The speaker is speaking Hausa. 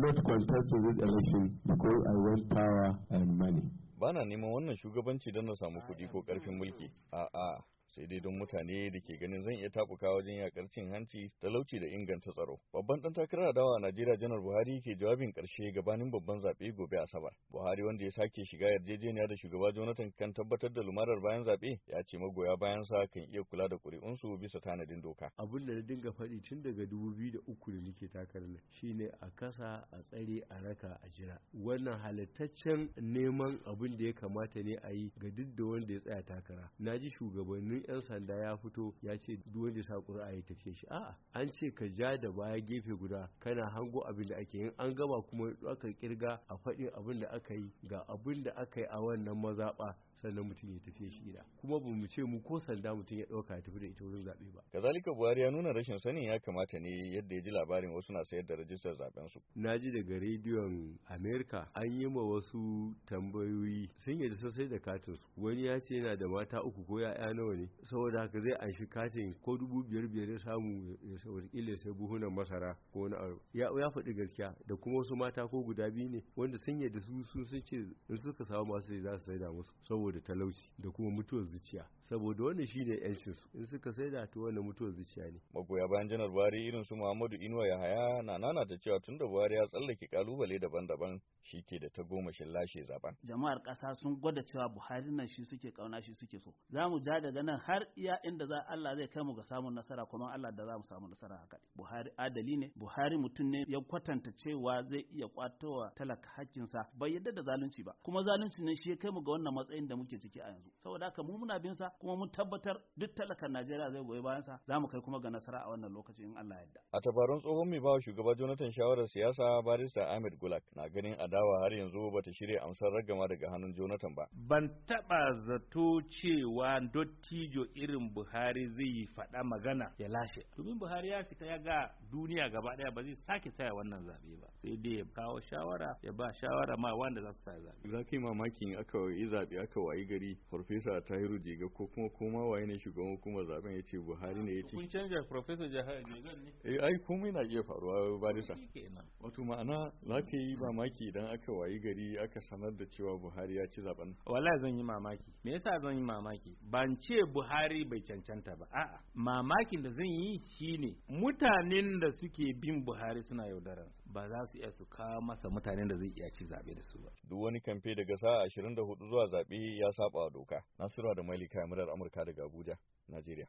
not contest this election because I want power and money. Bana neman wannan shugabanci don na samu kuɗi ko ƙarfin mulki. A'a, sai dai don mutane da ke ganin zan iya takuka wajen yakar cin hanci talauci da inganta tsaro babban dan takarar adawa a Najeriya janar Buhari ke jawabin karshe gabanin babban zaɓe gobe Asabar Buhari wanda ya sake shiga yarjejeniya da shugaba Jonathan kan tabbatar da lumarar bayan zaɓe ya ce magoya bayan sa kan iya kula da ƙuri'unsu bisa tanadin doka abin da na dinga faɗi tun daga dubu biyu da uku nake takarar nan shine a kasa a tsare a raka a jira wannan halittaccen neman abin da ya kamata ne a yi ga duk da wanda ya tsaya takara na ji shugabannin wani yan sanda ya fito ya ce duk sa ƙuri'a ya tafiye shi a'a an ce ka ja da baya gefe guda kana hango abin da ake yin an gama kuma aka kirga a faɗin abin da aka yi ga abin da aka yi a wannan mazaɓa sannan mutum ya tafiye shi gida kuma ba mu ce mu ko sanda mutum ya ɗauka ya tafi da ita wurin zaɓe ba. kazalika buhari ya nuna rashin sanin ya kamata ne yadda ya ji labarin wasu na sayar da rajistar zaben su. na ji daga rediyon america an yi ma wasu tambayoyi sun yarda sosai da katin su wani ya ce yana da mata uku ko ya'ya nawa ne saboda haka zai anshi katin ko dubu biyar biyar ya samu wataƙila sai buhunan masara ko wani abu ya ya faɗi gaskiya da kuma wasu mata ko guda biyu ne wanda sun yadda su su sun ce in suka samu masu za su saida musu saboda talauci da kuma mutuwar zuciya saboda wannan shine yancin su in suka saida to wannan mutuwar zuciya ne magoya bayan janar Buhari irin su Muhammadu Inuwa Yahaya na nana ta cewa tunda da Buhari ya tsallake kalubale daban-daban shi ke da ta goma shin lashe zaben jama'ar ƙasa sun gwada cewa Buhari nan shi suke kauna shi suke so za mu ja daga nan har iya inda za Allah zai kai mu ga samun nasara kuma Allah da za mu samu nasara haka Buhari adali ne Buhari mutum ne ya kwatanta cewa zai iya kwatowa talaka hakkinsa bai yadda da zalunci ba kuma zalunci ne shi ya kai mu ga wannan matsayin da muke ciki a yanzu saboda haka mu muna bin sa kuma mun tabbatar duk talakan Najeriya zai goyi bayan sa za mu kai kuma ga nasara a wannan lokacin in Allah ya yarda a tabarun tsohon mai bawa shugaba Jonathan shawarar siyasa barista Ahmed Gulak na ganin adawa har yanzu bata shirya amsar ragama daga hannun Jonathan ba ban taba zato cewa dotti dattijo irin buhari zai yi faɗa magana ya lashe domin buhari ya fita ya ga duniya gaba ɗaya ba zai sake saya wannan zaɓe ba sai dai ya kawo shawara ya ba shawara ma wanda za su saya zaɓe za ka yi mamakin aka yi zaɓe aka wayi gari farfesa tahiru jega ko kuma koma waye ne shugaban hukumar zaben ya ce buhari ne ya ce kun canja farfesa jega ne eh ai komai na iya faruwa barisa wato ma'ana za ka yi mamaki idan aka wayi gari aka sanar da cewa buhari ya ci zaben wallahi zan yi mamaki me yasa zan yi mamaki ban ce buhari bai cancanta ba a'a mamakin da zan yi shine mutanen da suke bin buhari suna yaudaransa ba za su iya su kawo masa mutanen da zai iya ci zaɓe da su ba duk wani kamfe daga da hudu zuwa zaɓe ya saba doka nasiru da malika murar amurka daga abuja najeriya